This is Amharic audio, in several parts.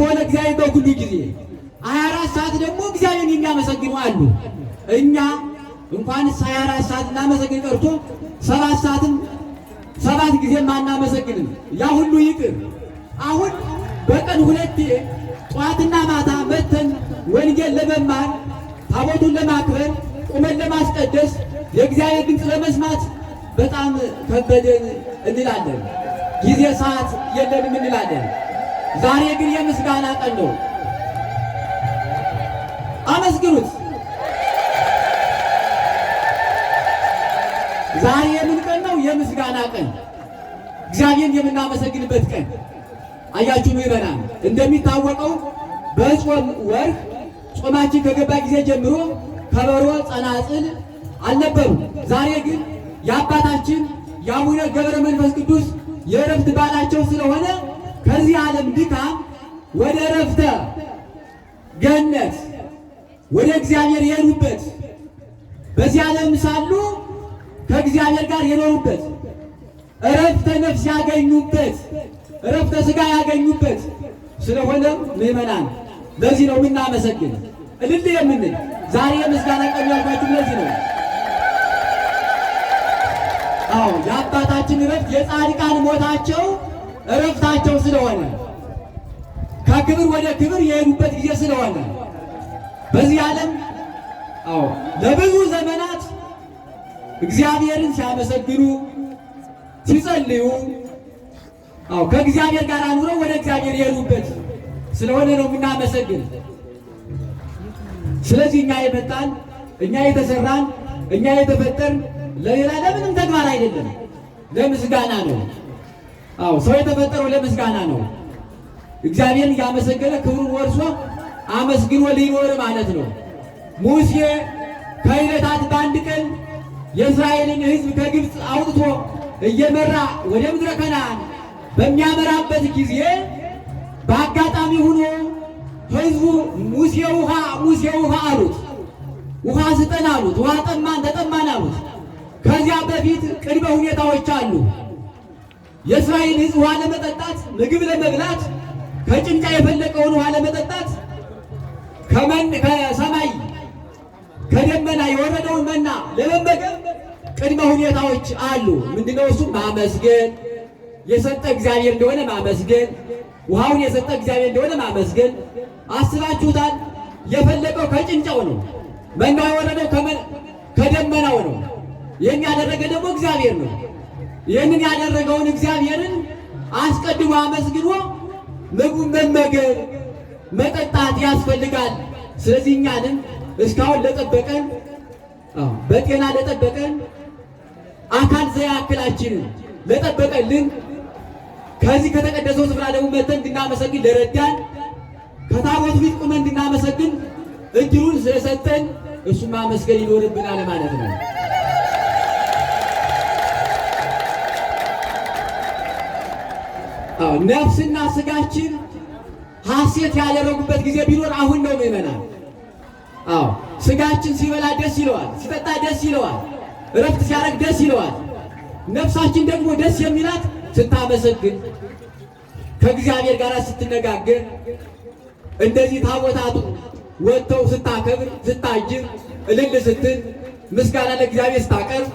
በሆነ እግዚአብሔር በሁሉ ጊዜ ሀያ አራት ሰዓት ደግሞ እግዚአብሔርን የሚያመሰግኑ አሉ። እኛ እንኳን ሀያ አራት ሰዓት እናመሰግን ቀርቶ ሰባት ሰዓትን ሰባት ጊዜም አናመሰግንም። ያ ሁሉ ይቅር። አሁን በቀን ሁለቴ ጠዋትና ማታ መተን ወንጌል ለመማር ታቦቱን ለማክበር ቁመን ለማስቀደስ የእግዚአብሔር ድምፅ ለመስማት በጣም ከበደን እንላለን። ጊዜ ሰዓት የለንም እንላለን። ዛሬ ግን የምስጋና ቀን ነው። አመስግኑት። ዛሬ የምን ቀን ነው? የምስጋና ቀን፣ እግዚአብሔር የምናመሰግንበት ቀን። አያችሁ ምዕመናን፣ እንደሚታወቀው በጾም ወር ጾማችን ከገባ ጊዜ ጀምሮ ከበሮ፣ ጸናጽል አልነበሩም። ዛሬ ግን የአባታችን የአቡነ ገብረ መንፈስ ቅዱስ የእረፍት በዓላቸው ስለሆነ ከዚህ ዓለም ድካም ወደ እረፍተ ገነት ወደ እግዚአብሔር የሄዱበት በዚህ ዓለም ሳሉ ከእግዚአብሔር ጋር የኖሩበት እረፍተ ነፍስ ያገኙበት እረፍተ ስጋ ያገኙበት ስለሆነ ምእመናን ለዚህ ነው የምናመሰግን እልል የምንል ዛሬ የምስጋና ቀን ያልኳችሁ ለዚህ ነው። አዎ የአባታችን እረፍት የጻድቃን ሞታቸው እረፍታቸው ስለሆነ ከክብር ወደ ክብር የሄዱበት ጊዜ ስለሆነ በዚህ ዓለም አዎ ለብዙ ዘመናት እግዚአብሔርን ሲያመሰግኑ ሲጸልዩ አዎ ከእግዚአብሔር ጋር አኑረው ወደ እግዚአብሔር የሄዱበት ስለሆነ ነው የምናመሰግን። ስለዚህ እኛ የመጣን እኛ የተሰራን እኛ የተፈጠርን ለሌላ ለምንም ተግባር አይደለም፣ ለምስጋና ነው። አዎ ሰው የተፈጠረው ለምስጋና ነው። እግዚአብሔርን እያመሰገነ ክብሩን ወርሶ አመስግኖ ሊኖር ማለት ነው። ሙሴ ከዕለታት በአንድ ቀን የእስራኤልን ሕዝብ ከግብፅ አውጥቶ እየመራ ወደ ምድረ ከነዓን በሚያመራበት ጊዜ በአጋጣሚ ሆኖ ሕዝቡ ሙሴ ውሃ ሙሴ ውሃ አሉት። ውሃ ስጠን አሉት። ውሃ ጠማን ተጠማን አሉት። ከዚያ በፊት ቅድመ ሁኔታዎች አሉ። የእስራኤል ሕዝብ ውሃ ለመጠጣት ምግብ ለመብላት ከጭንጫ የፈለቀውን ውሃ ለመጠጣት ከሰማይ ከደመና የወረደውን መና ለመመገብ ቅድመ ሁኔታዎች አሉ። ምንድነው? እሱም ማመስገን፣ የሰጠ እግዚአብሔር እንደሆነ ማመስገን፣ ውሃውን የሰጠ እግዚአብሔር እንደሆነ ማመስገን። አስባችሁታል? የፈለቀው ከጭንጫው ነው። መናው የወረደው ከደመናው ነው። ይህን ያደረገ ደግሞ እግዚአብሔር ነው። ይህንን ያደረገውን እግዚአብሔርን አስቀድሞ አመስግኖ ምግቡን መመገብ መጠጣት ያስፈልጋል። ስለዚህ እኛንም እስካሁን ለጠበቀን በጤና ለጠበቀን አካል ዘያክላችንን ለጠበቀልን ከዚህ ከተቀደሰው ስፍራ ደግሞ መተን እንድናመሰግን ለረዳን ከታቦት ፊት ቁመን እንድናመሰግን እድሉን ስለሰጠን እሱ ማመስገን ይኖርብናል ማለት ነው። ነፍስና ስጋችን ሐሴት ያደረጉበት ጊዜ ቢኖር አሁን ነው ምዕመናን። አዎ ስጋችን ሲበላ ደስ ይለዋል፣ ሲጠጣ ደስ ይለዋል፣ እረፍት ሲያደርግ ደስ ይለዋል። ነፍሳችን ደግሞ ደስ የሚላት ስታመሰግን፣ ከእግዚአብሔር ጋር ስትነጋገር፣ እንደዚህ ታቦታቱ ወጥተው ስታከብር፣ ስታጅር፣ እልል ስትል፣ ምስጋና ለእግዚአብሔር ስታቀርብ፣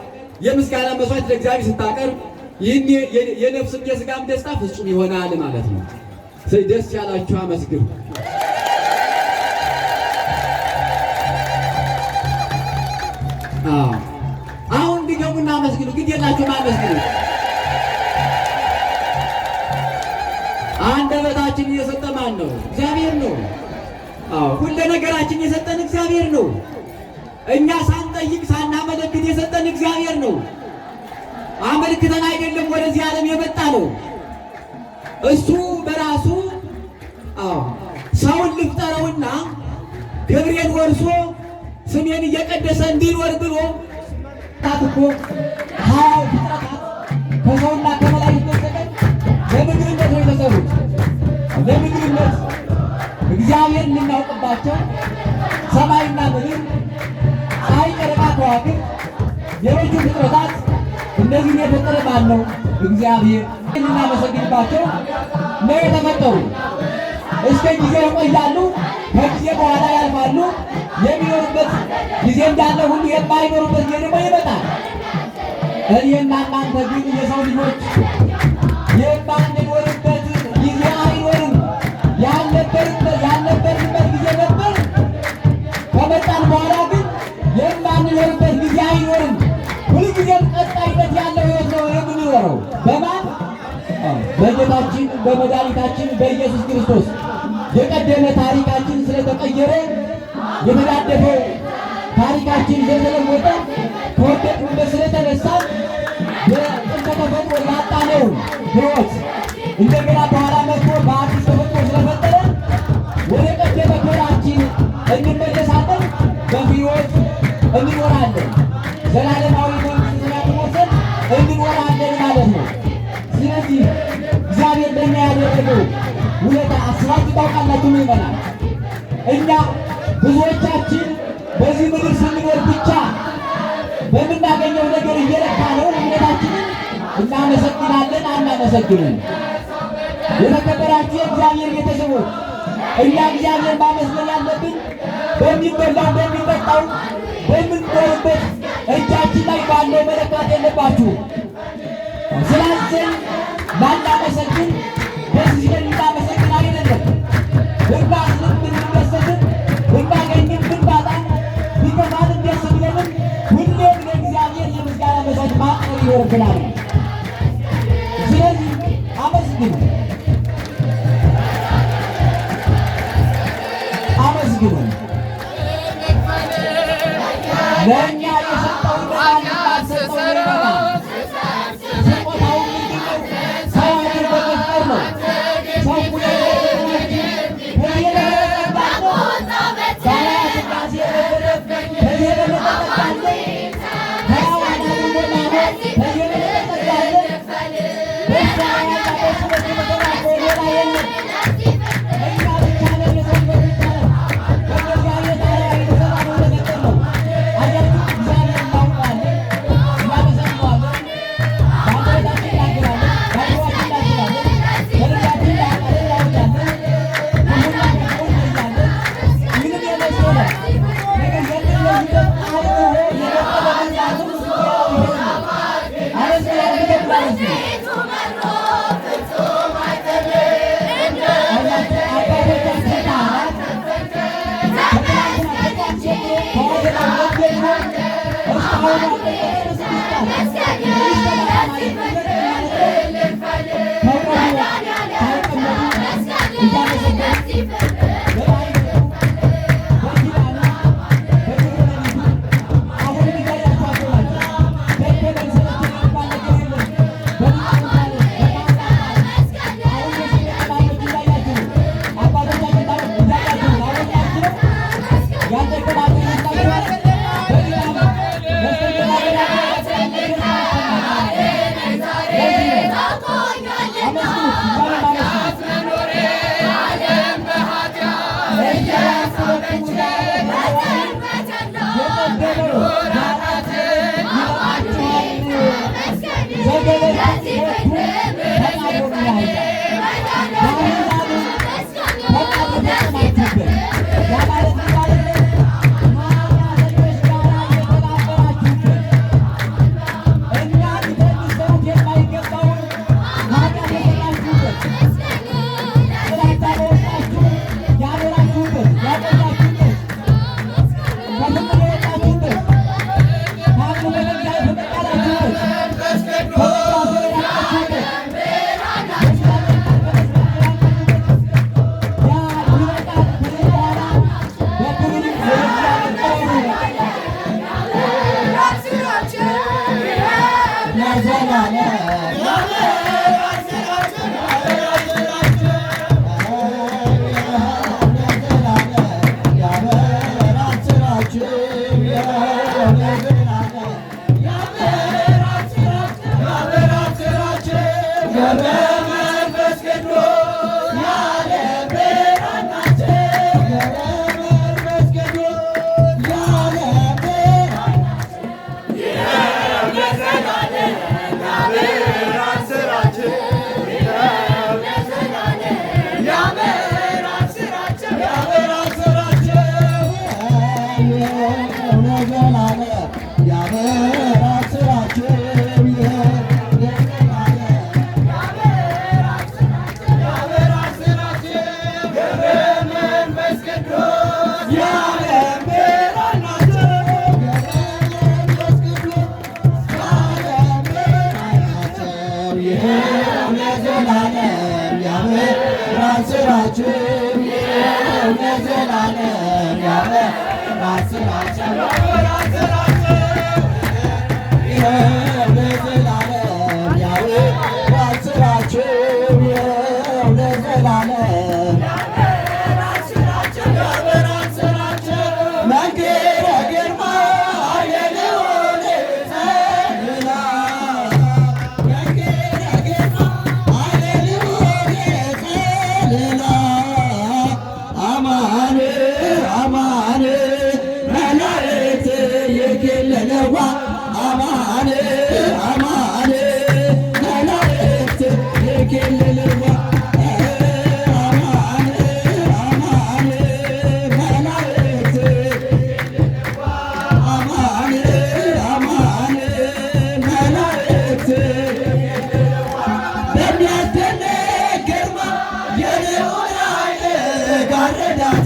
የምስጋና መስዋዕት ለእግዚአብሔር ስታቀርብ ይህን የነፍስም የስጋም ደስታ ፍጹም ይሆናል ማለት ነው። ደስ ያላችሁ አመስግኑ። አሁን ድገሙና አመስግኑ። ግድ የላችሁም አመስግኑ። አንደበታችን እየሰጠ ማን ነው? እግዚአብሔር ነው። ሁለ ነገራችን የሰጠን እግዚአብሔር ነው። እኛ ሳንጠይቅ ሳናመለክት የሰጠን እግዚአብሔር ነው። አመልክተን አይደለም ወደዚህ ዓለም የመጣ ነው። እሱ በራሱ አዎ ሰውን ልፍጠረውና ገብርኤል ወርሶ ስሜን እየቀደሰ እንዲኖር ብሎ ታትኮ ሀው ፍጥረታት ከሰውና ከመላእክት በስተቀር ለምግብነት ነው የተሰሩት። ለምግብነት እግዚአብሔር የምናውቅባቸው ሰማይና ምድር ፀሐይ፣ ጨረቃ፣ ከዋክብት የበጁ ፍጥረታት እነዚህን የፈጠረ ባለው እግዚአብሔር ልናመሰግንባቸው ነው የተፈጠሩ። እስከ ጊዜ ይቆያሉ፣ ከጊዜ በኋላ ያልፋሉ። የሚኖሩበት ጊዜ እንዳለ ሁሉ የማይኖሩበት ጊዜ ደግሞ ይመጣል። እኔና እናንተ ግን የሰው ልጆች የማንኖርበት ጊዜ አይኖርም። ያልነበርንበት ጊዜ ነበር። ከመጣን በኋላ ግን የማንኖርበት ሁልጊዜም ቀጣይነት ያለው ሕይወት ነው የምንኖረው። በማን በጌታችን በመድኃኒታችን በኢየሱስ ክርስቶስ የቀደመ ታሪካችን ስለተቀየረ የተዳደፈ ታሪካችን ስለተለወጠ ከወደቅንበት ስለተነሳ በጥንተ ተፈጥሮ ላጣነው ሕይወት እንደገና በኋላ መጥቶ በአዲስ ተፈጥሮ ስለፈጠረ ወደ ቀደመ ክብራችን እንመለሳለን፣ በሕይወት እንኖራለን ዘላለማ ሁኔታ አስራት ታውቃላችሁ ይበላል። እኛ ብዙዎቻችን በዚህ ምድር ስንኖር ብቻ በምናገኘው ነገር እየለካ ነው እምነታችንን እናመሰግናለን፣ አናመሰግንም። የተከበራችሁ የእግዚአብሔር ቤተሰቦች እኛ እግዚአብሔር ማመስገን ያለብን በሚበላው በሚጠጣው በምንኖርበት እጃችን ላይ ባለው መለካት የለባችሁ ስላዘን ባናመሰግን Happy it. gracias. ለዘላለም ያበራል Barada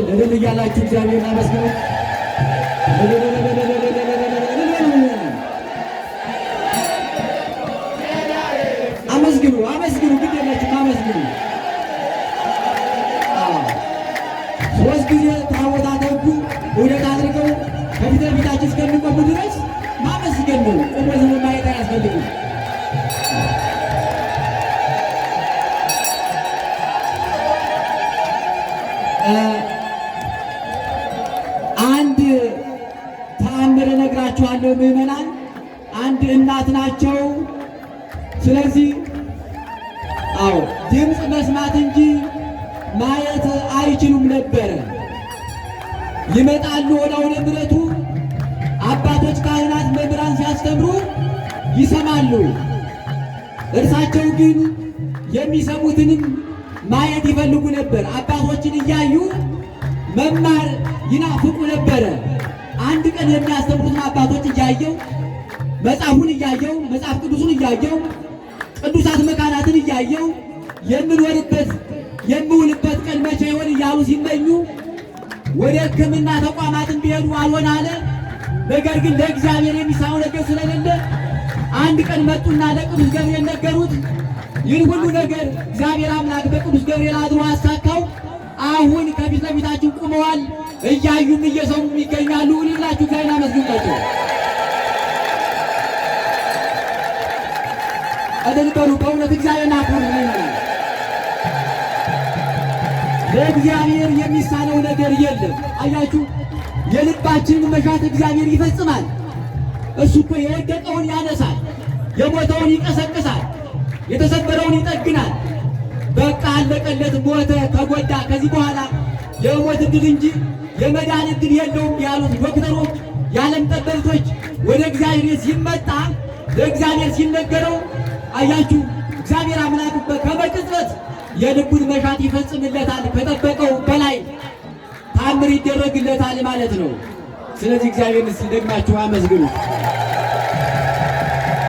እልል እልል እያላችሁ እግዚአብሔር አመስግኑ። አመስግኑ፣ አመስግኑ፣ ግድ የላችሁ አመስግኑ። ሶስት ጊዜ ውደት አድርገው ከፊት እስከሚቆሙ ድረስ ማመስገን ነው። ማየት አያስፈልግም። ስለዚህ አዎ ድምፅ መስማት እንጂ ማየት አይችሉም ነበረ። ይመጣሉ ወደ አውደ ምሕረቱ አባቶች፣ ካህናት፣ መምህራን ሲያስተምሩ ይሰማሉ። እርሳቸው ግን የሚሰሙትንም ማየት ይፈልጉ ነበር። አባቶችን እያዩ መማር ይናፍቁ ነበረ። አንድ ቀን የሚያስተምሩትን አባቶች እያየው መጽሐፉን እያየው መጽሐፍ ቅዱሱን እያየው ቅዱሳት መካናትን እያየው የምንወልበት የምውልበት ቀን መቼ ይሆን እያሉ ሲመኙ ወደ ሕክምና ተቋማትን ቢሄዱ አልሆን አለ። ነገር ግን ለእግዚአብሔር የሚሳው ነገር ስለሌለ አንድ ቀን መጡና ለቅዱስ ገብርኤል ነገሩት። ይህን ሁሉ ነገር እግዚአብሔር አምላክ በቅዱስ ገብርኤል አድሮ አሳካው። አሁን ከፊት ለፊታችን ቁመዋል፣ እያዩም እየሰሙም ይገኛሉ። እልላችሁ ጋይና መስግንታቸው እልል በሉ በእውነት እግዚአብሔር ናኩር ይሆናል። ለእግዚአብሔር የሚሳነው ነገር የለም። አያችሁ የልባችንን መሻት እግዚአብሔር ይፈጽማል። እሱ እኮ የወደቀውን ያነሳል፣ የሞተውን ይቀሰቅሳል፣ የተሰበረውን ይጠግናል። በቃ አለቀለት፣ ሞተ፣ ተጎዳ፣ ከዚህ በኋላ የሞት እድል እንጂ የመዳን እድል የለውም ያሉት ዶክተሮች፣ የዓለም ጠበብቶች ወደ እግዚአብሔር ሲመጣ ለእግዚአብሔር ሲነገረው አያችሁ እግዚአብሔር አምላክ ከበቅጽበት የልቡን መሻት ይፈጽምለታል። ከጠበቀው በላይ ታምር ይደረግለታል ማለት ነው። ስለዚህ እግዚአብሔርን ደግማችሁ አመስግኑ።